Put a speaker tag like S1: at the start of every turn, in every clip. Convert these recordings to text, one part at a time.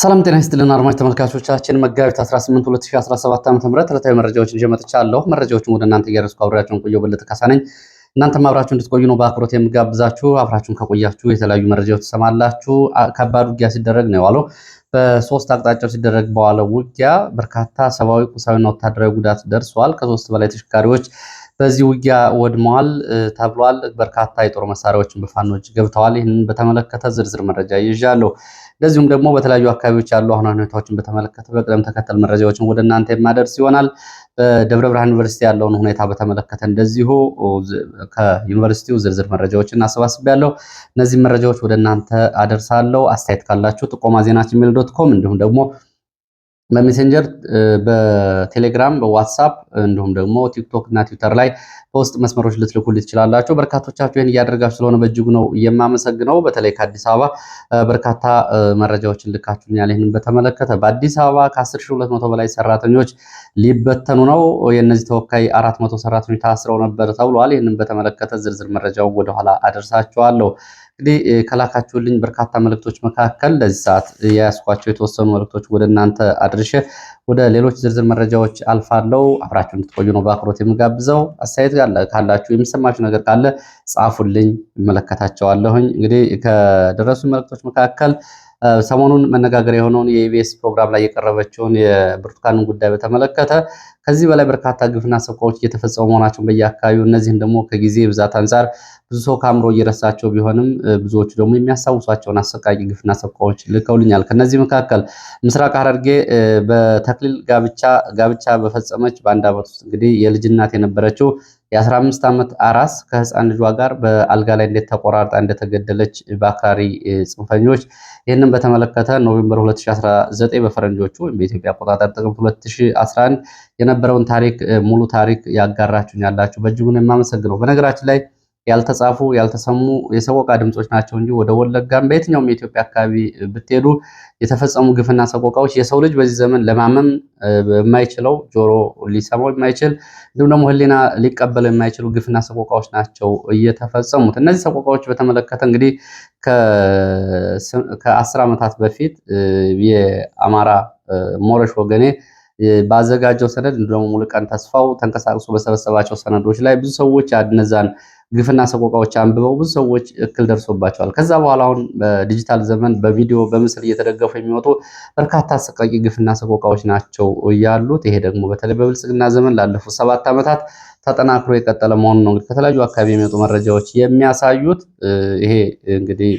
S1: ሰላም ጤና ይስጥልን አድማጭ ተመልካቾቻችን፣ መጋቢት 18 2017 ም ዕለታዊ መረጃዎችን ይዤ መጥቻለሁ። መረጃዎችን ወደ እናንተ እያደረስኩ አብሬያቸውን ቆየሁ። በለጠ ካሳ ነኝ። እናንተም አብራችሁ እንድትቆዩ ነው በአክብሮት የምጋብዛችሁ። አብራችሁን ከቆያችሁ የተለያዩ መረጃዎች ትሰማላችሁ። ከባድ ውጊያ ሲደረግ ነው የዋለው። በሶስት አቅጣጫው ሲደረግ በዋለው ውጊያ በርካታ ሰብአዊ፣ ቁሳዊና ወታደራዊ ጉዳት ደርሷል። ከሶስት በላይ ተሽከርካሪዎች በዚህ ውጊያ ወድመዋል ተብሏል። በርካታ የጦር መሳሪያዎችን በፋኖች ገብተዋል። ይህንን በተመለከተ ዝርዝር መረጃ ይዣለሁ። እንደዚሁም ደግሞ በተለያዩ አካባቢዎች ያሉ አሁን ሁኔታዎችን በተመለከተ በቅደም ተከተል መረጃዎችን ወደ እናንተ የማደርስ ይሆናል። በደብረ ብርሃን ዩኒቨርሲቲ ያለውን ሁኔታ በተመለከተ እንደዚሁ ከዩኒቨርሲቲው ዝርዝር መረጃዎችን ያለው እነዚህ መረጃዎች ወደ እናንተ አደርሳለሁ። አስተያየት ካላችሁ ጥቆማ ዜናችን ሜል ዶት ኮም እንዲሁም ደግሞ በሜሴንጀር በቴሌግራም በዋትሳፕ እንዲሁም ደግሞ ቲክቶክ እና ትዊተር ላይ በውስጥ መስመሮች ልትልኩል ትችላላችሁ። በርካቶቻችሁ ይህን እያደረጋችሁ ስለሆነ በእጅጉ ነው የማመሰግነው። በተለይ ከአዲስ አበባ በርካታ መረጃዎችን ልካችሁኛል። ይህንን በተመለከተ በአዲስ አበባ ከ10200 በላይ ሰራተኞች ሊበተኑ ነው። የእነዚህ ተወካይ 400 ሰራተኞች ታስረው ነበር ተብሏል። ይህንን በተመለከተ ዝርዝር መረጃው ወደኋላ አደርሳችኋለሁ። እንግዲህ ከላካችሁልኝ በርካታ መልእክቶች መካከል ለዚህ ሰዓት የያስኳቸው የተወሰኑ መልእክቶች ወደ እናንተ አድርሼ ወደ ሌሎች ዝርዝር መረጃዎች አልፋለሁ። አብራችሁ እንድትቆዩ ነው በአክብሮት የምጋብዘው። አስተያየት ካላችሁ የሚሰማችሁ ነገር ካለ ጻፉልኝ፣ እመለከታቸዋለሁኝ። እንግዲህ ከደረሱ መልእክቶች መካከል ሰሞኑን መነጋገሪያ የሆነውን የኢቢኤስ ፕሮግራም ላይ የቀረበችውን የብርቱካንን ጉዳይ በተመለከተ ከዚህ በላይ በርካታ ግፍና ሰቆቃዎች እየተፈጸሙ መሆናቸውን በየአካባቢው እነዚህም ደግሞ ከጊዜ ብዛት አንጻር ብዙ ሰው ከአእምሮ እየረሳቸው ቢሆንም ብዙዎቹ ደግሞ የሚያስታውሷቸውን አሰቃቂ ግፍና ሰቆቃዎች ልከውልኛል። ከነዚህ መካከል ምስራቅ ሐረርጌ በተክሊል ጋብቻ ጋብቻ በፈጸመች በአንድ ዓመት ውስጥ እንግዲህ የልጅናት የነበረችው የ15 ዓመት አራስ ከህፃን ልጇ ጋር በአልጋ ላይ እንዴት ተቆራርጣ እንደተገደለች በአክራሪ ጽንፈኞች። ይህንን በተመለከተ ኖቬምበር 2019 በፈረንጆቹ በኢትዮጵያ አቆጣጠር ጥቅምት 2011 የነበረውን ታሪክ ሙሉ ታሪክ ያጋራችሁን ያላችሁ በእጅጉን የማመሰግነው። በነገራችን ላይ ያልተጻፉ ያልተሰሙ የሰቆቃ ድምጾች ናቸው እንጂ ወደ ወለጋም በየትኛውም የኢትዮጵያ አካባቢ ብትሄዱ የተፈጸሙ ግፍና ሰቆቃዎች የሰው ልጅ በዚህ ዘመን ለማመም የማይችለው ጆሮ ሊሰማው የማይችል እንዲሁም ደግሞ ሕሊና ሊቀበለው የማይችሉ ግፍና ሰቆቃዎች ናቸው እየተፈጸሙት። እነዚህ ሰቆቃዎች በተመለከተ እንግዲህ ከአስር ዓመታት በፊት የአማራ ሞረሽ ወገኔ ባዘጋጀው ሰነድ እንዲሁም ደግሞ ሙሉቀን ተስፋው ተንቀሳቅሶ በሰበሰባቸው ሰነዶች ላይ ብዙ ሰዎች አድነዛን ግፍና ሰቆቃዎች አንብበው ብዙ ሰዎች እክል ደርሶባቸዋል። ከዛ በኋላ አሁን በዲጂታል ዘመን በቪዲዮ በምስል እየተደገፉ የሚወጡ በርካታ አሰቃቂ ግፍና ሰቆቃዎች ናቸው ያሉት። ይሄ ደግሞ በተለይ በብልጽግና ዘመን ላለፉት ሰባት ዓመታት ተጠናክሮ የቀጠለ መሆኑ ነው እንግዲህ ከተለያዩ አካባቢ የሚወጡ መረጃዎች የሚያሳዩት። ይሄ እንግዲህ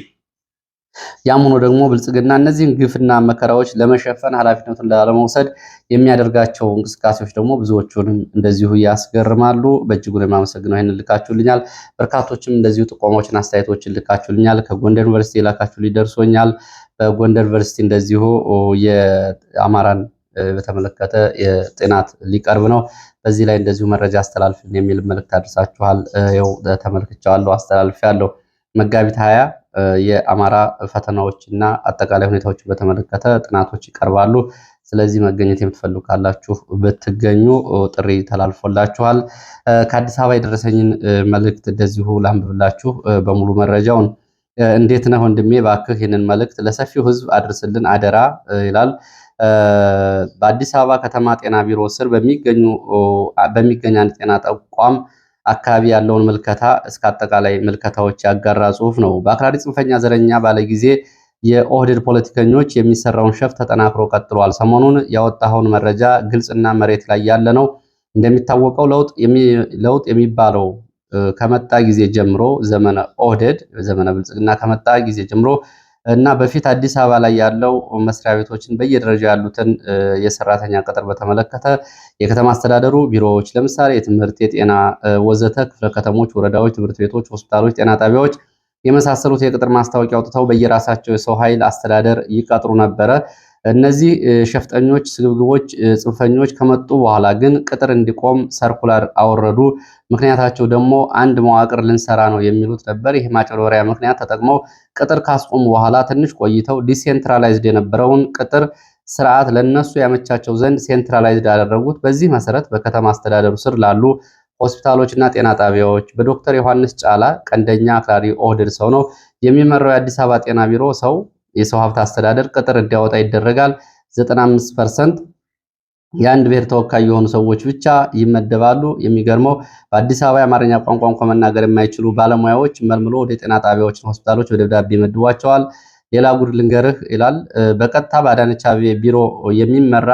S1: ያም ሆኖ ደግሞ ብልጽግና እነዚህን ግፍና መከራዎች ለመሸፈን ኃላፊነቱን ላለመውሰድ የሚያደርጋቸው እንቅስቃሴዎች ደግሞ ብዙዎቹንም እንደዚሁ ያስገርማሉ። በእጅጉ ነው የማመሰግነው። ይህን ልካችሁልኛል። በርካቶችም እንደዚሁ ጥቆማዎችን፣ አስተያየቶችን ልካችሁልኛል። ከጎንደር ዩኒቨርሲቲ የላካችሁ ሊደርሶኛል። በጎንደር ዩኒቨርሲቲ እንደዚሁ የአማራን በተመለከተ የጤናት ሊቀርብ ነው። በዚህ ላይ እንደዚሁ መረጃ አስተላልፍልን የሚል መልእክት አድርሳችኋል። ይኸው ተመልክቻለሁ፣ ያለው መጋቢት ሀያ የአማራ ፈተናዎች እና አጠቃላይ ሁኔታዎችን በተመለከተ ጥናቶች ይቀርባሉ። ስለዚህ መገኘት የምትፈልጉ ካላችሁ ብትገኙ ጥሪ ተላልፎላችኋል። ከአዲስ አበባ የደረሰኝን መልእክት እንደዚሁ ላንብብላችሁ በሙሉ መረጃውን እንዴት ነህ ወንድሜ? እባክህ ይህንን መልእክት ለሰፊው ሕዝብ አድርስልን አደራ ይላል። በአዲስ አበባ ከተማ ጤና ቢሮ ስር በሚገኝ አንድ ጤና ተቋም አካባቢ ያለውን ምልከታ እስከ አጠቃላይ ምልከታዎች ያጋራ ጽሁፍ ነው። በአክራሪ ጽንፈኛ ዘረኛ ባለ ጊዜ የኦህዴድ ፖለቲከኞች የሚሰራውን ሸፍ ተጠናክሮ ቀጥሏል። ሰሞኑን ያወጣኸውን መረጃ ግልጽና መሬት ላይ ያለ ነው። እንደሚታወቀው ለውጥ የሚባለው ከመጣ ጊዜ ጀምሮ ዘመነ ኦህዴድ ዘመነ ብልጽግና ከመጣ ጊዜ ጀምሮ እና በፊት አዲስ አበባ ላይ ያለው መስሪያ ቤቶችን በየደረጃ ያሉትን የሰራተኛ ቅጥር በተመለከተ የከተማ አስተዳደሩ ቢሮዎች ለምሳሌ የትምህርት፣ የጤና ወዘተ ክፍለ ከተሞች፣ ወረዳዎች፣ ትምህርት ቤቶች፣ ሆስፒታሎች፣ ጤና ጣቢያዎች የመሳሰሉት የቅጥር ማስታወቂያ አውጥተው በየራሳቸው የሰው ኃይል አስተዳደር ይቀጥሩ ነበረ። እነዚህ ሸፍጠኞች፣ ስግብግቦች፣ ጽንፈኞች ከመጡ በኋላ ግን ቅጥር እንዲቆም ሰርኩላር አወረዱ። ምክንያታቸው ደግሞ አንድ መዋቅር ልንሰራ ነው የሚሉት ነበር። ይህ ማጭበርበሪያ ምክንያት ተጠቅመው ቅጥር ካስቆሙ በኋላ ትንሽ ቆይተው ዲሴንትራላይዝድ የነበረውን ቅጥር ስርዓት ለነሱ ያመቻቸው ዘንድ ሴንትራላይዝድ ያደረጉት። በዚህ መሰረት በከተማ አስተዳደሩ ስር ላሉ ሆስፒታሎች እና ጤና ጣቢያዎች በዶክተር ዮሐንስ ጫላ ቀንደኛ አክራሪ ኦህዴድ ሰው ነው የሚመራው የአዲስ አበባ ጤና ቢሮ ሰው የሰው ሀብት አስተዳደር ቅጥር እንዲያወጣ ይደረጋል። 95 ፐርሰንት የአንድ ብሔር ተወካይ የሆኑ ሰዎች ብቻ ይመደባሉ። የሚገርመው በአዲስ አበባ የአማርኛ ቋንቋ እንኳ መናገር የማይችሉ ባለሙያዎች መልምሎ ወደ ጤና ጣቢያዎችና ሆስፒታሎች በደብዳቤ ይመድቧቸዋል። ሌላ ጉድ ልንገርህ ይላል። በቀጥታ በአዳነች አቤቤ ቢሮ የሚመራ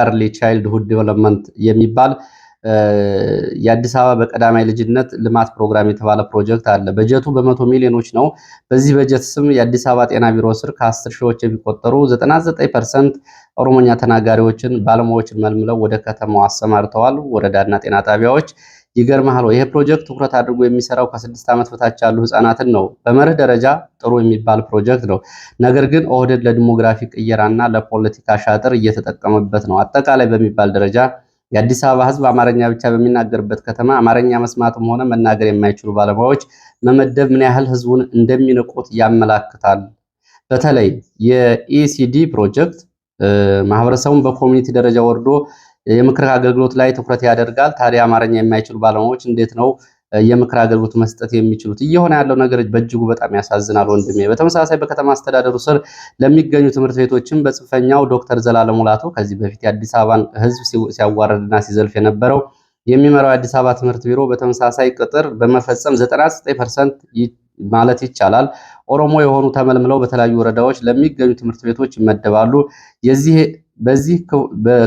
S1: ኤርሊ ቻይልድሁድ ዲቨሎፕመንት የሚባል የአዲስ አበባ በቀዳማይ ልጅነት ልማት ፕሮግራም የተባለ ፕሮጀክት አለ። በጀቱ በመቶ ሚሊዮኖች ነው። በዚህ በጀት ስም የአዲስ አበባ ጤና ቢሮ ስር ከአስር ሺዎች የሚቆጠሩ 99 ፐርሰንት ኦሮሞኛ ተናጋሪዎችን ባለሙያዎችን መልምለው ወደ ከተማው አሰማርተዋል። ወረዳና ጤና ጣቢያዎች ይገርምሃል። ይሄ ፕሮጀክት ትኩረት አድርጎ የሚሰራው ከስድስት ዓመት በታች ያሉ ህጻናትን ነው። በመርህ ደረጃ ጥሩ የሚባል ፕሮጀክት ነው። ነገር ግን ኦህደድ ለዲሞግራፊ ቅየራና ለፖለቲካ ሻጥር እየተጠቀመበት ነው። አጠቃላይ በሚባል ደረጃ የአዲስ አበባ ህዝብ አማርኛ ብቻ በሚናገርበት ከተማ አማርኛ መስማትም ሆነ መናገር የማይችሉ ባለሙያዎች መመደብ ምን ያህል ህዝቡን እንደሚንቁት ያመላክታል። በተለይ የኢሲዲ ፕሮጀክት ማህበረሰቡን በኮሚኒቲ ደረጃ ወርዶ የምክር አገልግሎት ላይ ትኩረት ያደርጋል። ታዲያ አማርኛ የማይችሉ ባለሙያዎች እንዴት ነው የምክር አገልግሎት መስጠት የሚችሉት። እየሆነ ያለው ነገር በእጅጉ በጣም ያሳዝናል ወንድሜ። በተመሳሳይ በከተማ አስተዳደሩ ስር ለሚገኙ ትምህርት ቤቶችም በጽንፈኛው ዶክተር ዘላለም ሙላቱ ከዚህ በፊት የአዲስ አበባን ህዝብ ሲያዋረድና ሲዘልፍ የነበረው የሚመራው የአዲስ አበባ ትምህርት ቢሮ በተመሳሳይ ቅጥር በመፈጸም 99% ማለት ይቻላል ኦሮሞ የሆኑ ተመልምለው በተለያዩ ወረዳዎች ለሚገኙ ትምህርት ቤቶች ይመደባሉ። የዚህ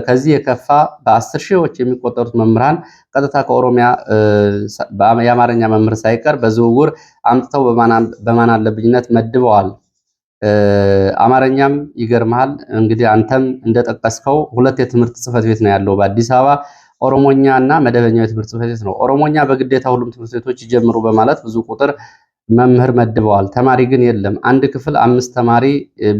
S1: ከዚህ የከፋ በአስር ሺዎች የሚቆጠሩት መምህራን ቀጥታ ከኦሮሚያ የአማርኛ መምህር ሳይቀር በዝውውር አምጥተው በማናለብኝነት አለብኝነት መድበዋል። አማርኛም ይገርመሃል እንግዲህ አንተም እንደጠቀስከው ሁለት የትምህርት ጽህፈት ቤት ነው ያለው በአዲስ አበባ ኦሮሞኛ እና መደበኛው የትምህርት ጽህፈት ቤት ነው። ኦሮሞኛ በግዴታ ሁሉም ትምህርት ቤቶች ይጀምሩ በማለት ብዙ ቁጥር መምህር መድበዋል። ተማሪ ግን የለም። አንድ ክፍል አምስት ተማሪ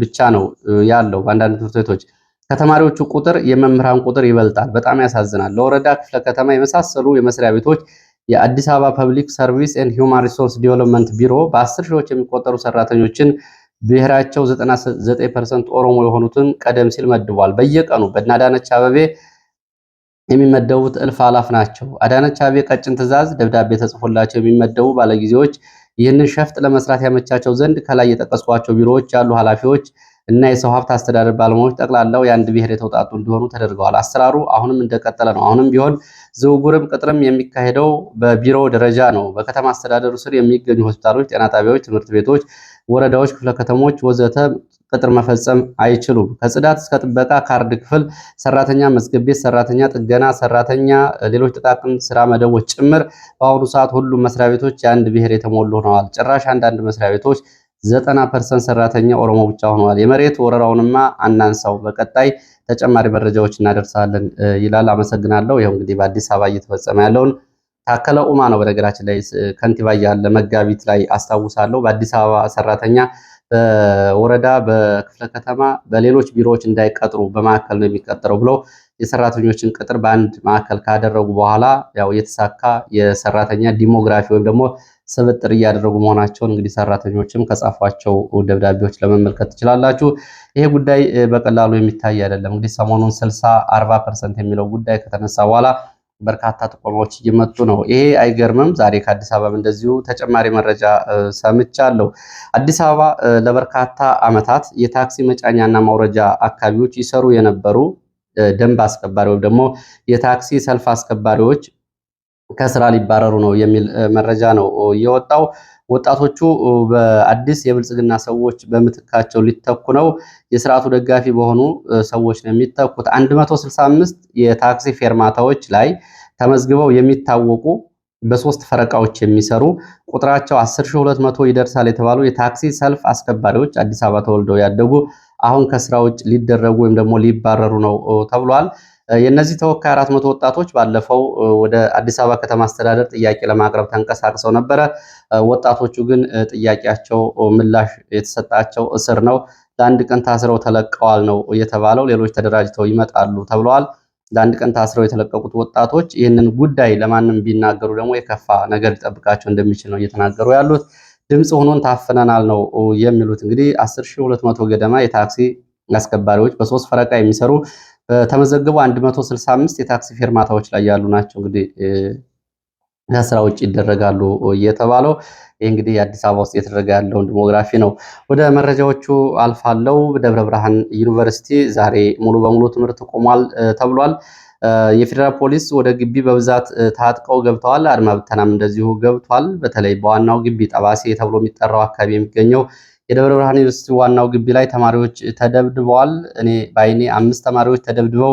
S1: ብቻ ነው ያለው በአንዳንድ ትምህርት ቤቶች ከተማሪዎቹ ቁጥር የመምህራን ቁጥር ይበልጣል። በጣም ያሳዝናል። ለወረዳ ክፍለ ከተማ የመሳሰሉ የመስሪያ ቤቶች የአዲስ አበባ ፐብሊክ ሰርቪስ ኤንድ ሂውማን ሪሶርስ ዲቨሎፕመንት ቢሮ በአስር ሺዎች የሚቆጠሩ ሰራተኞችን ብሔራቸው 99% ኦሮሞ የሆኑትን ቀደም ሲል መድቧል። በየቀኑ በአዳነች አበቤ የሚመደቡት እልፍ አላፍ ናቸው። አዳነች አበቤ ቀጭን ትዕዛዝ ደብዳቤ ተጽፎላቸው የሚመደቡ ባለጊዜዎች ይህንን ሸፍጥ ለመስራት ያመቻቸው ዘንድ ከላይ የጠቀስኳቸው ቢሮዎች ያሉ ኃላፊዎች እና የሰው ሀብት አስተዳደር ባለሙያዎች ጠቅላላው የአንድ ብሔር የተውጣጡ እንዲሆኑ ተደርገዋል። አሰራሩ አሁንም እንደቀጠለ ነው። አሁንም ቢሆን ዝውውርም ቅጥርም የሚካሄደው በቢሮ ደረጃ ነው። በከተማ አስተዳደሩ ስር የሚገኙ ሆስፒታሎች፣ ጤና ጣቢያዎች፣ ትምህርት ቤቶች፣ ወረዳዎች፣ ክፍለ ከተሞች ወዘተ ቅጥር መፈጸም አይችሉም። ከጽዳት እስከ ጥበቃ ካርድ ክፍል ሰራተኛ፣ መዝገብ ቤት ሰራተኛ፣ ጥገና ሰራተኛ፣ ሌሎች ጥቃቅን ስራ መደቦች ጭምር በአሁኑ ሰዓት ሁሉም መስሪያ ቤቶች የአንድ ብሔር የተሞሉ ሆነዋል። ጭራሽ አንዳንድ መስሪያ ቤቶች ዘጠና ፐርሰንት ሰራተኛ ኦሮሞ ብቻ ሆነዋል። የመሬት ወረራውንማ አናንሳው፣ በቀጣይ ተጨማሪ መረጃዎች እናደርሳለን ይላል። አመሰግናለሁ። ይኸው እንግዲህ በአዲስ አበባ እየተፈጸመ ያለውን ታከለ ኡማ ነው በነገራችን ላይ ከንቲባ እያለ መጋቢት ላይ አስታውሳለሁ። በአዲስ አበባ ሰራተኛ በወረዳ በክፍለ ከተማ በሌሎች ቢሮዎች እንዳይቀጥሩ በማዕከል ነው የሚቀጠረው ብለው የሰራተኞችን ቅጥር በአንድ ማዕከል ካደረጉ በኋላ ያው የተሳካ የሰራተኛ ዲሞግራፊ ወይም ደግሞ ስብጥር እያደረጉ መሆናቸውን እንግዲህ ሰራተኞችም ከጻፏቸው ደብዳቤዎች ለመመልከት ትችላላችሁ። ይሄ ጉዳይ በቀላሉ የሚታይ አይደለም። እንግዲህ ሰሞኑን 60 40 ፐርሰንት የሚለው ጉዳይ ከተነሳ በኋላ በርካታ ጥቆማዎች እየመጡ ነው። ይሄ አይገርምም። ዛሬ ከአዲስ አበባም እንደዚሁ ተጨማሪ መረጃ ሰምቻለሁ። አዲስ አበባ ለበርካታ ዓመታት የታክሲ መጫኛና ማውረጃ አካባቢዎች ይሰሩ የነበሩ ደንብ አስከባሪ ወይም ደግሞ የታክሲ ሰልፍ አስከባሪዎች ከስራ ሊባረሩ ነው የሚል መረጃ ነው የወጣው። ወጣቶቹ በአዲስ የብልጽግና ሰዎች በምትካቸው ሊተኩ ነው። የስርዓቱ ደጋፊ በሆኑ ሰዎች ነው የሚተኩት። 165 የታክሲ ፌርማታዎች ላይ ተመዝግበው የሚታወቁ በሶስት ፈረቃዎች የሚሰሩ ቁጥራቸው 10200 ይደርሳል የተባሉ የታክሲ ሰልፍ አስከባሪዎች አዲስ አበባ ተወልደው ያደጉ አሁን ከስራ ውጭ ሊደረጉ ወይም ደግሞ ሊባረሩ ነው ተብሏል። የእነዚህ ተወካይ አራት መቶ ወጣቶች ባለፈው ወደ አዲስ አበባ ከተማ አስተዳደር ጥያቄ ለማቅረብ ተንቀሳቅሰው ነበረ። ወጣቶቹ ግን ጥያቄያቸው ምላሽ የተሰጣቸው እስር ነው። ለአንድ ቀን ታስረው ተለቀዋል ነው የተባለው። ሌሎች ተደራጅተው ይመጣሉ ተብለዋል። ለአንድ ቀን ታስረው የተለቀቁት ወጣቶች ይህንን ጉዳይ ለማንም ቢናገሩ ደግሞ የከፋ ነገር ሊጠብቃቸው እንደሚችል ነው እየተናገሩ ያሉት። ድምፅ ሆኖን ታፍነናል ነው የሚሉት። እንግዲህ 10200 ገደማ የታክሲ አስከባሪዎች በሶስት ፈረቃ የሚሰሩ ተመዘግበው 165 የታክሲ ፌርማታዎች ላይ ያሉ ናቸው። እንግዲህ ከስራ ውጭ ይደረጋሉ እየተባለው ይህ እንግዲህ የአዲስ አበባ ውስጥ እየተደረገ ያለውን ዲሞግራፊ ነው። ወደ መረጃዎቹ አልፋለው። ደብረ ብርሃን ዩኒቨርሲቲ ዛሬ ሙሉ በሙሉ ትምህርት ቆሟል ተብሏል። የፌዴራል ፖሊስ ወደ ግቢ በብዛት ታጥቀው ገብተዋል። አድማ ብተናም እንደዚሁ ገብቷል። በተለይ በዋናው ግቢ ጠባሴ ተብሎ የሚጠራው አካባቢ የሚገኘው የደብረ ብርሃን ዩኒቨርሲቲ ዋናው ግቢ ላይ ተማሪዎች ተደብድበዋል። እኔ በአይኔ አምስት ተማሪዎች ተደብድበው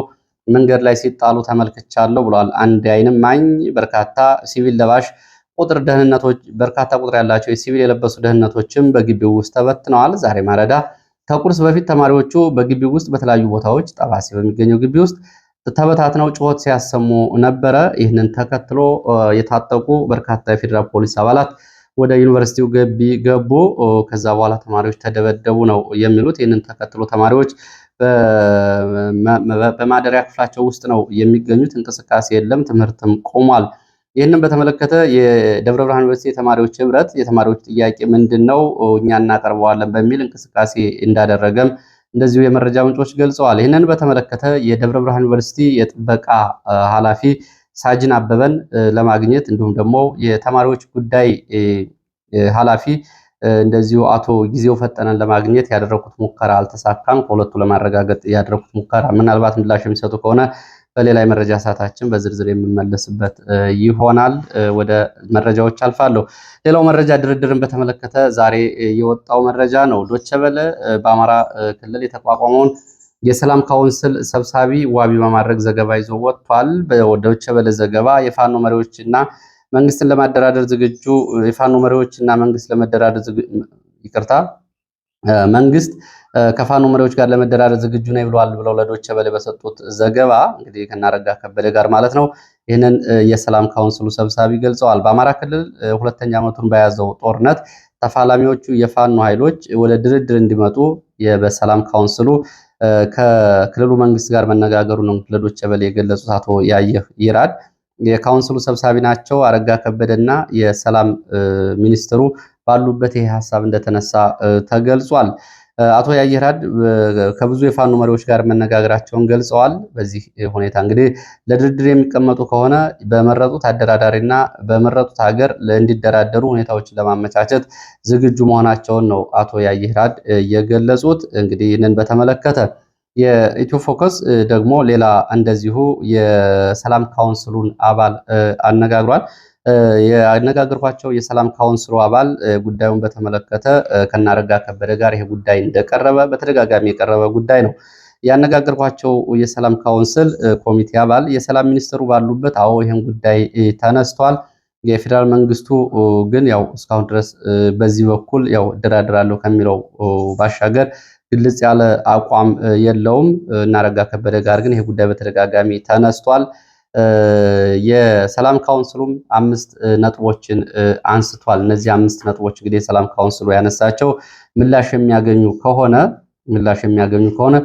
S1: መንገድ ላይ ሲጣሉ ተመልክቻለሁ ብሏል። አንድ አይን ማኝ በርካታ ሲቪል ለባሽ ቁጥር ደህንነቶች በርካታ ቁጥር ያላቸው የሲቪል የለበሱ ደህንነቶችም በግቢው ውስጥ ተበትነዋል። ዛሬ ማለዳ ከቁርስ በፊት ተማሪዎቹ በግቢው ውስጥ በተለያዩ ቦታዎች ጠባሴ በሚገኘው ግቢ ውስጥ ተበታትነው ጩኸት ሲያሰሙ ነበረ። ይህንን ተከትሎ የታጠቁ በርካታ የፌዴራል ፖሊስ አባላት ወደ ዩኒቨርሲቲው ገቢ ገቡ። ከዛ በኋላ ተማሪዎች ተደበደቡ ነው የሚሉት። ይህንን ተከትሎ ተማሪዎች በማደሪያ ክፍላቸው ውስጥ ነው የሚገኙት። እንቅስቃሴ የለም፣ ትምህርትም ቆሟል። ይህንን በተመለከተ የደብረ ብርሃን ዩኒቨርሲቲ የተማሪዎች ህብረት የተማሪዎች ጥያቄ ምንድን ነው እኛ እናቀርበዋለን በሚል እንቅስቃሴ እንዳደረገም እንደዚሁ የመረጃ ምንጮች ገልጸዋል። ይህንን በተመለከተ የደብረ ብርሃን ዩኒቨርሲቲ የጥበቃ ኃላፊ ሳጅን አበበን ለማግኘት እንዲሁም ደግሞ የተማሪዎች ጉዳይ ኃላፊ እንደዚሁ አቶ ጊዜው ፈጠነን ለማግኘት ያደረኩት ሙከራ አልተሳካም። ከሁለቱ ለማረጋገጥ ያደረኩት ሙከራ ምናልባት ምላሽ የሚሰጡ ከሆነ በሌላ የመረጃ ሰዓታችን በዝርዝር የምመለስበት ይሆናል። ወደ መረጃዎች አልፋለሁ። ሌላው መረጃ ድርድርን በተመለከተ ዛሬ የወጣው መረጃ ነው። ዶቸበለ በአማራ ክልል የተቋቋመውን የሰላም ካውንስል ሰብሳቢ ዋቢ በማድረግ ዘገባ ይዞ ወጥቷል። በዶይቼ በለ ዘገባ የፋኖ መሪዎችና መንግስትን ለማደራደር ዝግጁ የፋኖ መሪዎችና መንግስት ለመደራደር ይቅርታ መንግስት ከፋኖ መሪዎች ጋር ለመደራደር ዝግጁ ነው ብለዋል ብለው ለዶቸ በለ በሰጡት ዘገባ እንግዲህ ከናረጋ ከበደ ጋር ማለት ነው። ይህንን የሰላም ካውንስሉ ሰብሳቢ ገልጸዋል። በአማራ ክልል ሁለተኛ ዓመቱን በያዘው ጦርነት ተፋላሚዎቹ የፋኖ ኃይሎች ወደ ድርድር እንዲመጡ በሰላም ካውንስሉ ከክልሉ መንግስት ጋር መነጋገሩ ነው ለዶቼ ቬለ የገለጹት አቶ ያየህ ይራድ። የካውንስሉ ሰብሳቢ ናቸው። አረጋ ከበደና የሰላም ሚኒስትሩ ባሉበት ይሄ ሀሳብ እንደተነሳ ተገልጿል። አቶ ያየራድ ከብዙ የፋኖ መሪዎች ጋር መነጋገራቸውን ገልጸዋል። በዚህ ሁኔታ እንግዲህ ለድርድር የሚቀመጡ ከሆነ በመረጡት አደራዳሪና በመረጡት ሀገር እንዲደራደሩ ሁኔታዎችን ለማመቻቸት ዝግጁ መሆናቸውን ነው አቶ ያየራድ የገለጹት። እንግዲህ ይህንን በተመለከተ የኢትዮ ፎከስ ደግሞ ሌላ እንደዚሁ የሰላም ካውንስሉን አባል አነጋግሯል። ያነጋገርኳቸው የሰላም ካውንስሉ አባል ጉዳዩን በተመለከተ ከናረጋ ከበደ ጋር ይሄ ጉዳይ እንደቀረበ በተደጋጋሚ የቀረበ ጉዳይ ነው። ያነጋገርኳቸው የሰላም ካውንስል ኮሚቴ አባል የሰላም ሚኒስትሩ ባሉበት፣ አዎ ይህን ጉዳይ ተነስቷል። የፌዴራል መንግስቱ ግን ያው እስካሁን ድረስ በዚህ በኩል ያው እደራደራለሁ ከሚለው ባሻገር ግልጽ ያለ አቋም የለውም። እናረጋ ከበደ ጋር ግን ይሄ ጉዳይ በተደጋጋሚ ተነስቷል። የሰላም ካውንስሉም አምስት ነጥቦችን አንስቷል። እነዚህ አምስት ነጥቦች እንግዲህ የሰላም ካውንስሉ ያነሳቸው ምላሽ የሚያገኙ ከሆነ ምላሽ የሚያገኙ ከሆነ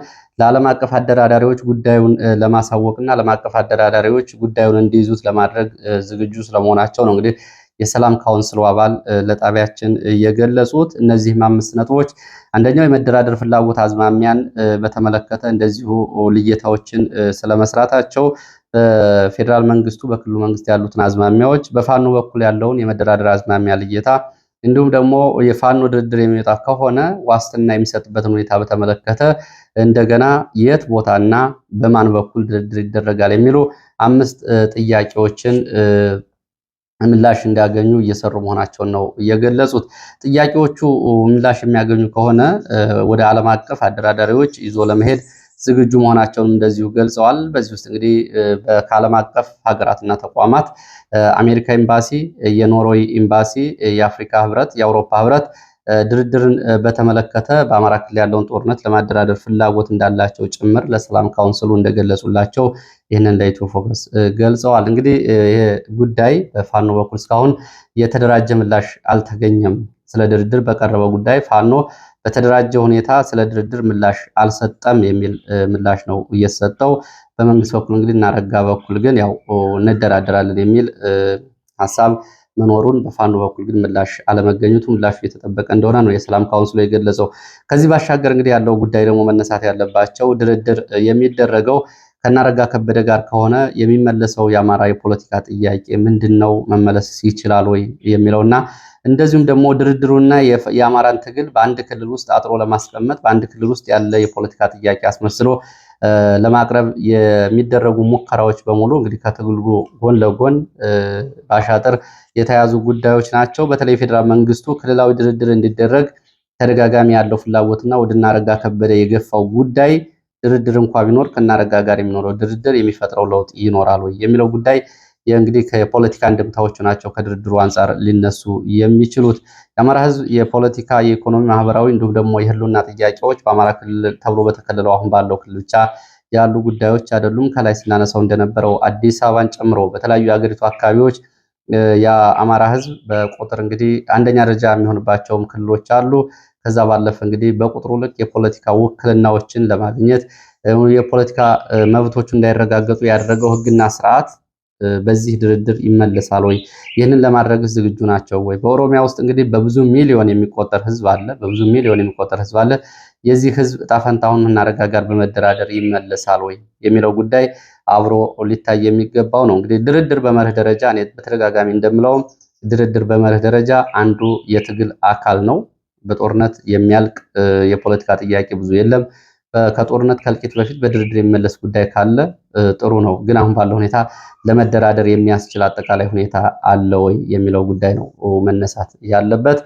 S1: ለዓለም አቀፍ አደራዳሪዎች ጉዳዩን ለማሳወቅና ዓለም አቀፍ አደራዳሪዎች ጉዳዩን እንዲይዙት ለማድረግ ዝግጁ ስለመሆናቸው ነው እንግዲህ የሰላም ካውንስሉ አባል ለጣቢያችን የገለጹት። እነዚህም አምስት ነጥቦች አንደኛው የመደራደር ፍላጎት አዝማሚያን በተመለከተ እንደዚሁ ልየታዎችን ስለመስራታቸው በፌዴራል መንግስቱ በክልሉ መንግስት ያሉትን አዝማሚያዎች፣ በፋኖ በኩል ያለውን የመደራደር አዝማሚያ ልየታ፣ እንዲሁም ደግሞ የፋኖ ድርድር የሚወጣ ከሆነ ዋስትና የሚሰጥበትን ሁኔታ በተመለከተ እንደገና የት ቦታና በማን በኩል ድርድር ይደረጋል የሚሉ አምስት ጥያቄዎችን ምላሽ እንዲያገኙ እየሰሩ መሆናቸውን ነው እየገለጹት። ጥያቄዎቹ ምላሽ የሚያገኙ ከሆነ ወደ ዓለም አቀፍ አደራዳሪዎች ይዞ ለመሄድ ዝግጁ መሆናቸውን እንደዚሁ ገልጸዋል። በዚህ ውስጥ እንግዲህ ከዓለም አቀፍ ሀገራትና ተቋማት አሜሪካ ኤምባሲ፣ የኖርዌይ ኤምባሲ፣ የአፍሪካ ህብረት፣ የአውሮፓ ህብረት ድርድርን በተመለከተ በአማራ ክልል ያለውን ጦርነት ለማደራደር ፍላጎት እንዳላቸው ጭምር ለሰላም ካውንስሉ እንደገለጹላቸው ይህንን ለኢትዮ ፎከስ ገልጸዋል። እንግዲህ ይሄ ጉዳይ በፋኖ በኩል እስካሁን የተደራጀ ምላሽ አልተገኘም። ስለ ድርድር በቀረበው ጉዳይ ፋኖ በተደራጀ ሁኔታ ስለ ድርድር ምላሽ አልሰጠም የሚል ምላሽ ነው እየተሰጠው። በመንግስት በኩል እንግዲህ እናረጋ በኩል ግን ያው እንደራደራለን የሚል ሀሳብ መኖሩን በፋኖ በኩል ግን ምላሽ አለመገኘቱ ምላሹ የተጠበቀ እንደሆነ ነው የሰላም ካውንስሉ የገለጸው። ከዚህ ባሻገር እንግዲህ ያለው ጉዳይ ደግሞ መነሳት ያለባቸው ድርድር የሚደረገው ከናረጋ ከበደ ጋር ከሆነ የሚመለሰው የአማራ የፖለቲካ ጥያቄ ምንድን ነው? መመለስ ይችላል ወይ የሚለውና እንደዚሁም ደግሞ ድርድሩና የአማራን ትግል በአንድ ክልል ውስጥ አጥሮ ለማስቀመጥ በአንድ ክልል ውስጥ ያለ የፖለቲካ ጥያቄ አስመስሎ ለማቅረብ የሚደረጉ ሙከራዎች በሙሉ እንግዲህ ከትግሉ ጎን ለጎን በአሻጥር የተያዙ ጉዳዮች ናቸው። በተለይ ፌዴራል መንግስቱ ክልላዊ ድርድር እንዲደረግ ተደጋጋሚ ያለው ፍላጎትና ወደ እናረጋ ከበደ የገፋው ጉዳይ ድርድር እንኳ ቢኖር ከናረጋ ጋር የሚኖረው ድርድር የሚፈጥረው ለውጥ ይኖራል ወይ የሚለው ጉዳይ እንግዲህ ከፖለቲካ እንድምታዎቹ ናቸው ከድርድሩ አንጻር ሊነሱ የሚችሉት። የአማራ ህዝብ የፖለቲካ የኢኮኖሚ፣ ማህበራዊ እንዲሁም ደግሞ የህልውና ጥያቄዎች በአማራ ክልል ተብሎ በተከለለው አሁን ባለው ክልል ብቻ ያሉ ጉዳዮች አይደሉም። ከላይ ስናነሳው እንደነበረው አዲስ አበባን ጨምሮ በተለያዩ የአገሪቱ አካባቢዎች የአማራ ህዝብ በቁጥር እንግዲህ አንደኛ ደረጃ የሚሆንባቸውም ክልሎች አሉ። ከዛ ባለፈ እንግዲህ በቁጥሩ ልክ የፖለቲካ ውክልናዎችን ለማግኘት የፖለቲካ መብቶቹ እንዳይረጋገጡ ያደረገው ህግና ስርዓት በዚህ ድርድር ይመለሳል ወይ? ይህንን ለማድረግ ዝግጁ ናቸው ወይ? በኦሮሚያ ውስጥ እንግዲህ በብዙ ሚሊዮን የሚቆጠር ህዝብ አለ። በብዙ ሚሊዮን የሚቆጠር ህዝብ አለ። የዚህ ህዝብ ዕጣ ፈንታውን እናረጋ ጋር በመደራደር ይመለሳል ወይ የሚለው ጉዳይ አብሮ ሊታይ የሚገባው ነው። እንግዲህ ድርድር በመርህ ደረጃ እኔ በተደጋጋሚ እንደምለውም ድርድር በመርህ ደረጃ አንዱ የትግል አካል ነው። በጦርነት የሚያልቅ የፖለቲካ ጥያቄ ብዙ የለም። ከጦርነት ከልቂት በፊት በድርድር የሚመለስ ጉዳይ ካለ ጥሩ ነው። ግን አሁን ባለው ሁኔታ ለመደራደር የሚያስችል አጠቃላይ ሁኔታ አለ ወይ የሚለው ጉዳይ ነው መነሳት ያለበት።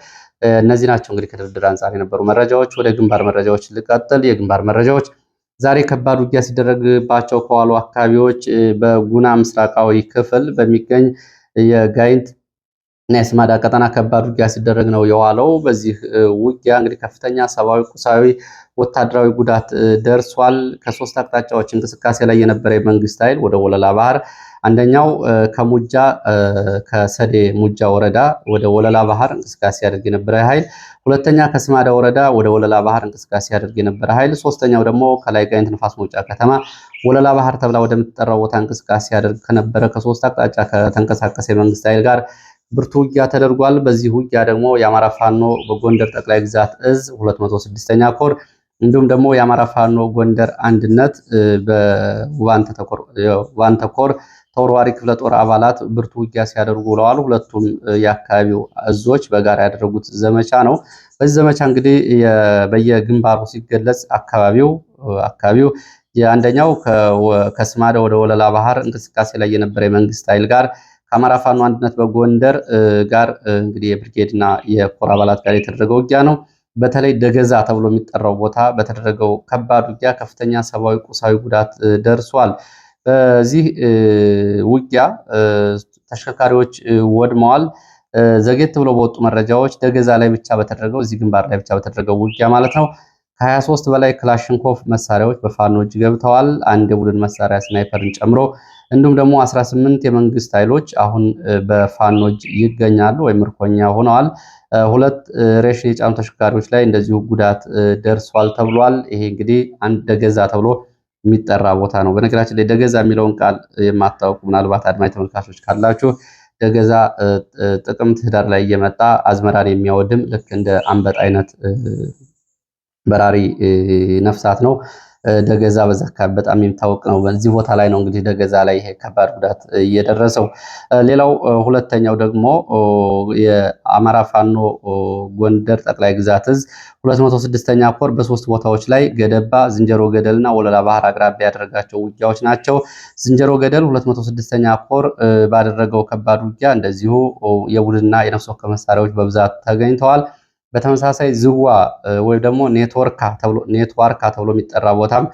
S1: እነዚህ ናቸው እንግዲህ ከድርድር አንጻር የነበሩ መረጃዎች። ወደ ግንባር መረጃዎች ልቀጥል። የግንባር መረጃዎች ዛሬ ከባድ ውጊያ ሲደረግባቸው ከዋሉ አካባቢዎች በጉና ምስራቃዊ ክፍል በሚገኝ የጋይንት እና የስማዳ ቀጠና ከባድ ውጊያ ሲደረግ ነው የዋለው። በዚህ ውጊያ እንግዲህ ከፍተኛ ሰብአዊ፣ ቁሳዊ፣ ወታደራዊ ጉዳት ደርሷል። ከሶስት አቅጣጫዎች እንቅስቃሴ ላይ የነበረ የመንግስት ኃይል ወደ ወለላ ባህር አንደኛው ከሙጃ ከሰዴ ሙጃ ወረዳ ወደ ወለላ ባህር እንቅስቃሴ ያደርግ የነበረ ኃይል፣ ሁለተኛ ከስማዳ ወረዳ ወደ ወለላ ባህር እንቅስቃሴ ያደርግ የነበረ ኃይል፣ ሶስተኛው ደግሞ ከላይ ጋይንት ንፋስ መውጫ ከተማ ወለላ ባህር ተብላ ወደምትጠራው ቦታ እንቅስቃሴ ያደርግ ከነበረ ከሶስት አቅጣጫ ከተንቀሳቀሰ የመንግስት ኃይል ጋር ብርቱ ውጊያ ተደርጓል። በዚህ ውጊያ ደግሞ የአማራ ፋኖ በጎንደር ጠቅላይ ግዛት እዝ 206ኛ ኮር እንዲሁም ደግሞ የአማራ ፋኖ ጎንደር አንድነት በዋንተ ኮር ተወርዋሪ ክፍለ ጦር አባላት ብርቱ ውጊያ ሲያደርጉ ውለዋል። ሁለቱም የአካባቢው እዞች በጋራ ያደረጉት ዘመቻ ነው። በዚህ ዘመቻ እንግዲህ በየግንባሩ ሲገለጽ አካባቢው አካባቢው የአንደኛው ከስማደ ወደ ወለላ ባህር እንቅስቃሴ ላይ የነበረ የመንግስት ኃይል ጋር ከአማራ ፋኖ አንድነት በጎንደር ጋር እንግዲህ የብርጌድና የኮር አባላት ጋር የተደረገ ውጊያ ነው። በተለይ ደገዛ ተብሎ የሚጠራው ቦታ በተደረገው ከባድ ውጊያ ከፍተኛ ሰብአዊ፣ ቁሳዊ ጉዳት ደርሷል። በዚህ ውጊያ ተሽከርካሪዎች ወድመዋል። ዘጌት ብሎ በወጡ መረጃዎች ደገዛ ላይ ብቻ በተደረገው እዚህ ግንባር ላይ ብቻ በተደረገው ውጊያ ማለት ነው ከ23 በላይ ክላሽንኮቭ መሳሪያዎች በፋኖ እጅ ገብተዋል። አንድ የቡድን መሳሪያ ስናይፐርን ጨምሮ እንዲሁም ደግሞ 18 የመንግስት ኃይሎች አሁን በፋኖች ይገኛሉ ወይም ምርኮኛ ሆነዋል። ሁለት ሬሽን የጫኑ ተሽከርካሪዎች ላይ እንደዚሁ ጉዳት ደርሷል ተብሏል። ይሄ እንግዲህ አንድ ደገዛ ተብሎ የሚጠራ ቦታ ነው። በነገራችን ላይ ደገዛ የሚለውን ቃል የማታውቁ ምናልባት አድማጭ ተመልካቾች ካላችሁ ደገዛ ጥቅምት ህዳር ላይ እየመጣ አዝመራን የሚያወድም ልክ እንደ አንበጣ አይነት በራሪ ነፍሳት ነው። ደገዛ በዛ አካባቢ በጣም የሚታወቅ ነው። በዚህ ቦታ ላይ ነው እንግዲህ ደገዛ ላይ ይሄ ከባድ ጉዳት እየደረሰው። ሌላው ሁለተኛው ደግሞ የአማራ ፋኖ ጎንደር ጠቅላይ ግዛት እዝ 206ኛ ኮር በሶስት ቦታዎች ላይ ገደባ፣ ዝንጀሮ ገደልና ወለላ ባህር አቅራቢያ ያደረጋቸው ውጊያዎች ናቸው። ዝንጀሮ ገደል 206ኛ ኮር ባደረገው ከባድ ውጊያ እንደዚሁ የቡድንና የነፍስ ወከፍ መሳሪያዎች በብዛት ተገኝተዋል። በተመሳሳይ ዝዋ ወይም ደግሞ ኔትወርካ ተብሎ የሚጠራ ቦታም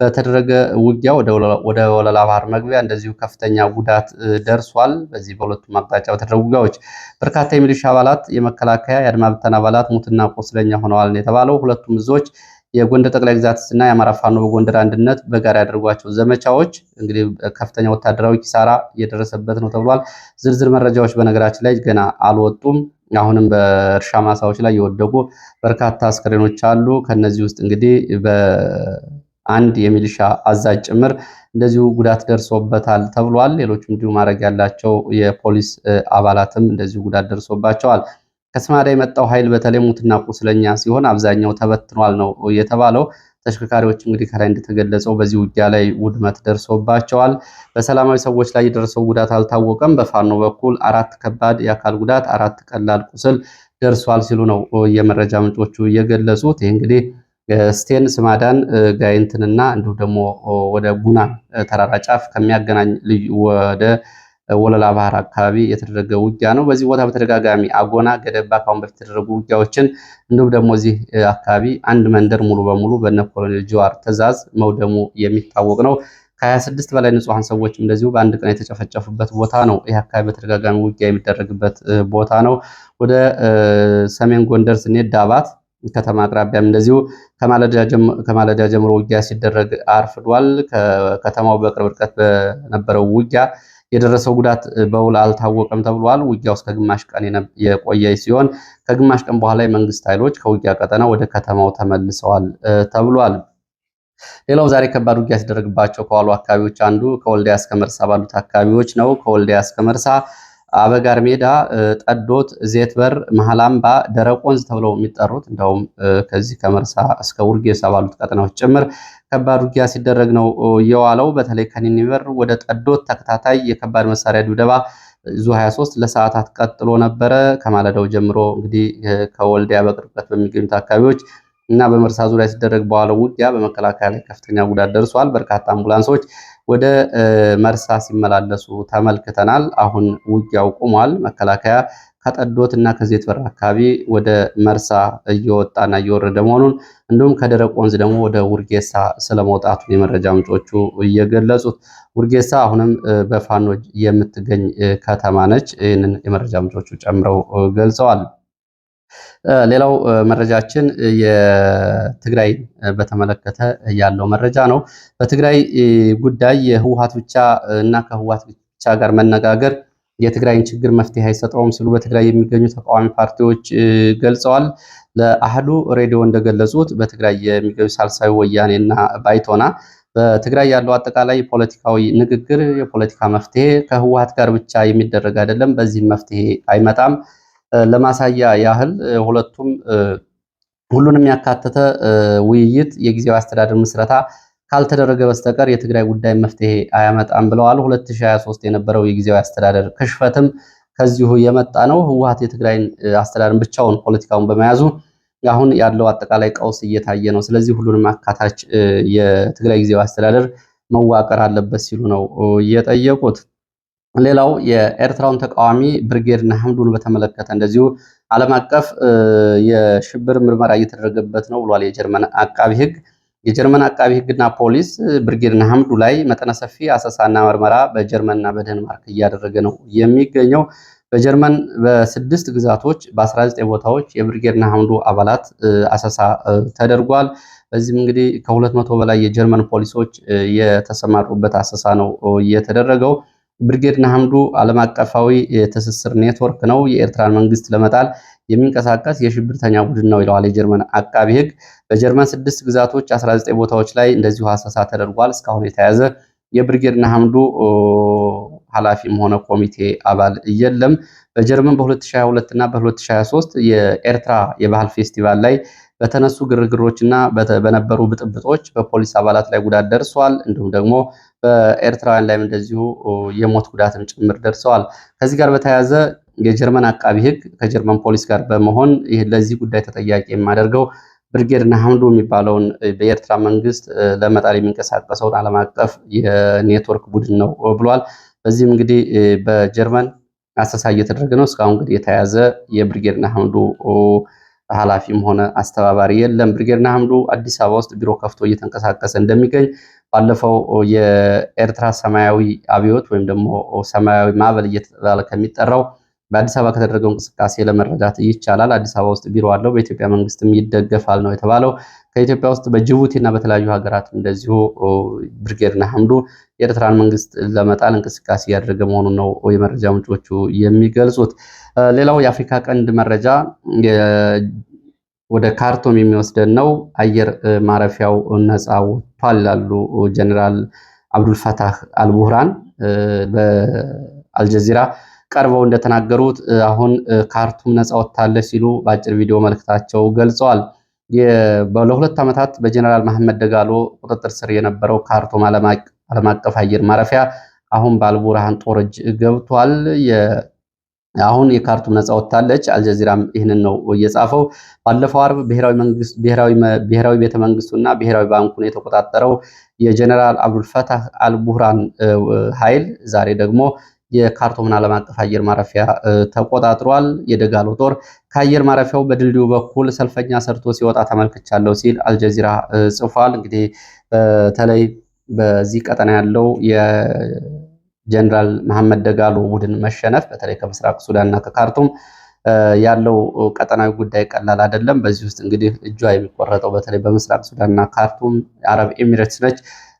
S1: በተደረገ ውጊያ ወደ ወለላ ባህር መግቢያ እንደዚሁ ከፍተኛ ጉዳት ደርሷል። በዚህ በሁለቱም አቅጣጫ በተደረጉ ውጊያዎች በርካታ የሚሊሻ አባላት፣ የመከላከያ የአድማ ብተና አባላት ሙትና ቆስለኛ ሆነዋል ነው የተባለው። ሁለቱም እዞች የጎንደር ጠቅላይ ግዛት እና የአማራ ፋኖ በጎንደር አንድነት በጋራ ያደርጓቸው ዘመቻዎች እንግዲህ ከፍተኛ ወታደራዊ ኪሳራ እየደረሰበት ነው ተብሏል። ዝርዝር መረጃዎች በነገራችን ላይ ገና አልወጡም። አሁንም በእርሻ ማሳዎች ላይ የወደቁ በርካታ አስክሬኖች አሉ። ከነዚህ ውስጥ እንግዲህ በአንድ የሚሊሻ አዛዥ ጭምር እንደዚሁ ጉዳት ደርሶበታል ተብሏል። ሌሎችም እንዲሁ ማድረግ ያላቸው የፖሊስ አባላትም እንደዚሁ ጉዳት ደርሶባቸዋል። ከስማዳ የመጣው ኃይል በተለይ ሙትና ቁስለኛ ሲሆን አብዛኛው ተበትኗል ነው የተባለው። ተሽከርካሪዎች እንግዲህ ከላይ እንደተገለጸው በዚህ ውጊያ ላይ ውድመት ደርሶባቸዋል። በሰላማዊ ሰዎች ላይ የደረሰው ጉዳት አልታወቀም። በፋኖ በኩል አራት ከባድ የአካል ጉዳት፣ አራት ቀላል ቁስል ደርሷል ሲሉ ነው የመረጃ ምንጮቹ የገለጹት። ይህ እንግዲህ ስቴን ስማዳን ጋይንትንና እንዲሁም ደግሞ ወደ ጉና ተራራ ጫፍ ከሚያገናኝ ልዩ ወደ ወለላ ባህር አካባቢ የተደረገ ውጊያ ነው። በዚህ ቦታ በተደጋጋሚ አጎና፣ ገደባ ካሁን በፊት የተደረጉ ውጊያዎችን እንዲሁም ደግሞ እዚህ አካባቢ አንድ መንደር ሙሉ በሙሉ በነ ኮሎኔል ጅዋር ትዕዛዝ መውደሙ የሚታወቅ ነው። ከ26 በላይ ንጹሐን ሰዎች እንደዚሁ በአንድ ቀን የተጨፈጨፉበት ቦታ ነው። ይህ አካባቢ በተደጋጋሚ ውጊያ የሚደረግበት ቦታ ነው። ወደ ሰሜን ጎንደር ስንሄድ ዳባት ከተማ አቅራቢያም እንደዚሁ ከማለዳ ጀምሮ ውጊያ ሲደረግ አርፍዷል። ከከተማው በቅርብ ርቀት በነበረው ውጊያ የደረሰው ጉዳት በውል አልታወቀም ተብሏል። ውጊያው እስከ ግማሽ ቀን የቆየ ሲሆን ከግማሽ ቀን በኋላ የመንግስት ኃይሎች ከውጊያ ቀጠና ወደ ከተማው ተመልሰዋል ተብሏል። ሌላው ዛሬ ከባድ ውጊያ ሲደረግባቸው ከዋሉ አካባቢዎች አንዱ ከወልዲያ እስከ መርሳ ባሉት አካባቢዎች ነው። ከወልዲያ እስከ መርሳ አበጋር ሜዳ፣ ጠዶት፣ ዜትበር፣ መሀል አምባ፣ ደረቅ ወንዝ ተብለው የሚጠሩት እንደውም ከዚህ ከመርሳ እስከ ውርጌሳ ባሉት ቀጠናዎች ጭምር ከባድ ውጊያ ሲደረግ ነው የዋለው። በተለይ ከኒኒቨር ወደ ጠዶት ተከታታይ የከባድ መሳሪያ ድብደባ ዙ 23 ለሰዓታት ቀጥሎ ነበረ። ከማለዳው ጀምሮ እንግዲህ ከወልዲያ በቅርበት በሚገኙት አካባቢዎች እና በመርሳ ዙሪያ ሲደረግ በዋለው ውጊያ በመከላከያ ላይ ከፍተኛ ጉዳት ደርሷል። በርካታ አምቡላንሶች ወደ መርሳ ሲመላለሱ ተመልክተናል። አሁን ውጊያው ቁሟል። መከላከያ ከጠዶት እና ከዘይት በር አካባቢ ወደ መርሳ እየወጣና እየወረደ መሆኑን እንዲሁም ከደረቅ ወንዝ ደግሞ ወደ ውርጌሳ ስለመውጣቱን የመረጃ ምንጮቹ እየገለጹት። ውርጌሳ አሁንም በፋኖ የምትገኝ ከተማ ነች። ይህንን የመረጃ ምንጮቹ ጨምረው ገልጸዋል። ሌላው መረጃችን የትግራይ በተመለከተ ያለው መረጃ ነው። በትግራይ ጉዳይ የህወሀት ብቻ እና ከህወሀት ብቻ ጋር መነጋገር የትግራይን ችግር መፍትሄ አይሰጠውም ሲሉ በትግራይ የሚገኙ ተቃዋሚ ፓርቲዎች ገልጸዋል። ለአህዱ ሬዲዮ እንደገለጹት በትግራይ የሚገኙ ሳልሳዊ ወያኔና ባይቶና በትግራይ ያለው አጠቃላይ ፖለቲካዊ ንግግር፣ የፖለቲካ መፍትሄ ከህወሀት ጋር ብቻ የሚደረግ አይደለም፣ በዚህም መፍትሄ አይመጣም። ለማሳያ ያህል ሁለቱም ሁሉንም ያካተተ ውይይት፣ የጊዜያዊ አስተዳደር ምስረታ ካልተደረገ በስተቀር የትግራይ ጉዳይ መፍትሄ አያመጣም ብለዋል። 2023 የነበረው የጊዜያዊ አስተዳደር ክሽፈትም ከዚሁ የመጣ ነው። ህወሀት የትግራይን አስተዳደርን ብቻውን ፖለቲካውን በመያዙ አሁን ያለው አጠቃላይ ቀውስ እየታየ ነው። ስለዚህ ሁሉንም አካታች የትግራይ ጊዜያዊ አስተዳደር መዋቀር አለበት ሲሉ ነው እየጠየቁት ሌላው የኤርትራውን ተቃዋሚ ብርጌድና ሐምዱን በተመለከተ እንደዚሁ ዓለም አቀፍ የሽብር ምርመራ እየተደረገበት ነው ብሏል የጀርመን አቃቢ ህግ። የጀርመን አቃቢ ህግና ፖሊስ ብርጌድና ሀምዱ ላይ መጠነ ሰፊ አሰሳና ምርመራ በጀርመንና በደንማርክ እያደረገ ነው የሚገኘው። በጀርመን በስድስት ግዛቶች በ19 ቦታዎች የብርጌድና ሀምዱ አባላት አሰሳ ተደርጓል። በዚህም እንግዲህ ከሁለት መቶ በላይ የጀርመን ፖሊሶች የተሰማሩበት አሰሳ ነው እየተደረገው። ብርጌድ ንሓመዱ ዓለም አቀፋዊ የትስስር ኔትወርክ ነው፣ የኤርትራን መንግስት ለመጣል የሚንቀሳቀስ የሽብርተኛ ቡድን ነው ይለዋል የጀርመን አቃቢ ህግ በጀርመን ስድስት ግዛቶች 19 ቦታዎች ላይ እንደዚሁ አሰሳ ተደርጓል። እስካሁን የተያዘ የብርጌድ ንሓመዱ ኃላፊም ሆነ ኮሚቴ አባል የለም። በጀርመን በ2022 እና በ2023 የኤርትራ የባህል ፌስቲቫል ላይ በተነሱ ግርግሮችና በነበሩ ብጥብጦች በፖሊስ አባላት ላይ ጉዳት ደርሰዋል እንዲሁም ደግሞ በኤርትራውያን ላይም እንደዚሁ የሞት ጉዳትም ጭምር ደርሰዋል። ከዚህ ጋር በተያያዘ የጀርመን አቃቢ ሕግ ከጀርመን ፖሊስ ጋር በመሆን ለዚህ ጉዳይ ተጠያቂ የማደርገው ብርጌድ ናሐምዱ የሚባለውን በኤርትራ መንግስት ለመጣል የሚንቀሳቀሰውን ዓለም አቀፍ የኔትወርክ ቡድን ነው ብሏል። በዚህም እንግዲህ በጀርመን አሰሳ እየተደረገ ነው። እስካሁን እንግዲህ የተያዘ የብርጌድ ናሐምዱ ኃላፊም ሆነ አስተባባሪ የለም። ብርጌድ ንሓመዱ አዲስ አበባ ውስጥ ቢሮ ከፍቶ እየተንቀሳቀሰ እንደሚገኝ ባለፈው የኤርትራ ሰማያዊ አብዮት ወይም ደግሞ ሰማያዊ ማዕበል እየተባለ ከሚጠራው በአዲስ አበባ ከተደረገው እንቅስቃሴ ለመረዳት ይቻላል። አዲስ አበባ ውስጥ ቢሮ አለው፣ በኢትዮጵያ መንግስትም ይደገፋል ነው የተባለው። ከኢትዮጵያ ውስጥ በጅቡቲ እና በተለያዩ ሀገራት እንደዚሁ ብርጌድና ሐምዱ የኤርትራን መንግስት ለመጣል እንቅስቃሴ እያደረገ መሆኑን ነው የመረጃ ምንጮቹ የሚገልጹት። ሌላው የአፍሪካ ቀንድ መረጃ ወደ ካርቱም የሚወስደን ነው። አየር ማረፊያው ነፃ ወጥቷል ላሉ ጀኔራል አብዱልፈታህ አልቡህራን በአልጀዚራ ቀርበው እንደተናገሩት አሁን ካርቱም ነፃ ወጥታለች ሲሉ በአጭር ቪዲዮ መልእክታቸው ገልጸዋል። ለሁለት ዓመታት በጀነራል መሐመድ ደጋሎ ቁጥጥር ስር የነበረው ካርቱም ዓለም አቀፍ አየር ማረፊያ አሁን በአልቡርሃን ጦር እጅ ገብቷል። አሁን የካርቱም ነፃ ወጥታለች። አልጀዚራም ይህንን ነው እየጻፈው። ባለፈው አርብ ብሔራዊ ቤተመንግስቱና ብሔራዊ ባንኩን የተቆጣጠረው የጀነራል አብዱልፈታህ አልቡርሃን ኃይል ዛሬ ደግሞ የካርቱምን ዓለም አቀፍ አየር ማረፊያ ተቆጣጥሯል። የደጋሎ ጦር ከአየር ማረፊያው በድልድዩ በኩል ሰልፈኛ ሰርቶ ሲወጣ ተመልክቻለሁ ሲል አልጀዚራ ጽፏል። እንግዲህ በተለይ በዚህ ቀጠና ያለው የጀነራል መሐመድ ደጋሎ ቡድን መሸነፍ በተለይ ከምስራቅ ሱዳን እና ከካርቱም ያለው ቀጠናዊ ጉዳይ ቀላል አይደለም። በዚህ ውስጥ እንግዲህ እጇ የሚቆረጠው በተለይ በምስራቅ ሱዳንና ካርቱም አረብ ኤሚሬትስ ነች።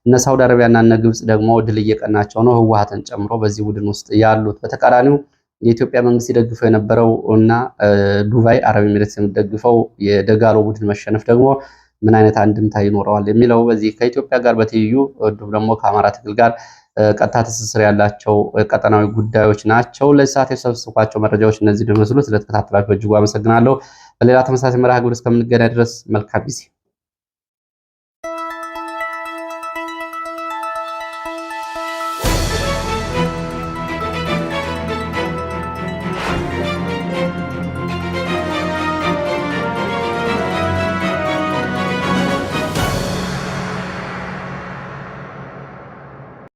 S1: እነ ሳውዲ አረቢያና እነ ግብጽ ደግሞ ድል እየቀናቸው ነው፣ ህወሓትን ጨምሮ በዚህ ቡድን ውስጥ ያሉት። በተቃራኒው የኢትዮጵያ መንግስት ይደግፈው የነበረው እና ዱባይ አረብ ኤሚሬትስ የሚደግፈው የደጋሎ ቡድን መሸነፍ ደግሞ ምን አይነት አንድምታ ይኖረዋል የሚለው በዚህ ከኢትዮጵያ ጋር በትይዩ እንዲሁም ደግሞ ከአማራ ትግል ጋር ቀጥታ ትስስር ያላቸው ቀጠናዊ ጉዳዮች ናቸው። ለዚህ ሰዓት የሰበሰብኳቸው መረጃዎች እነዚህ እንደሚመስሉ። ስለተከታተላችሁ በእጅጉ አመሰግናለሁ። በሌላ ተመሳሳይ መርሃ ግብር እስከምንገናኝ ድረስ መልካም ጊዜ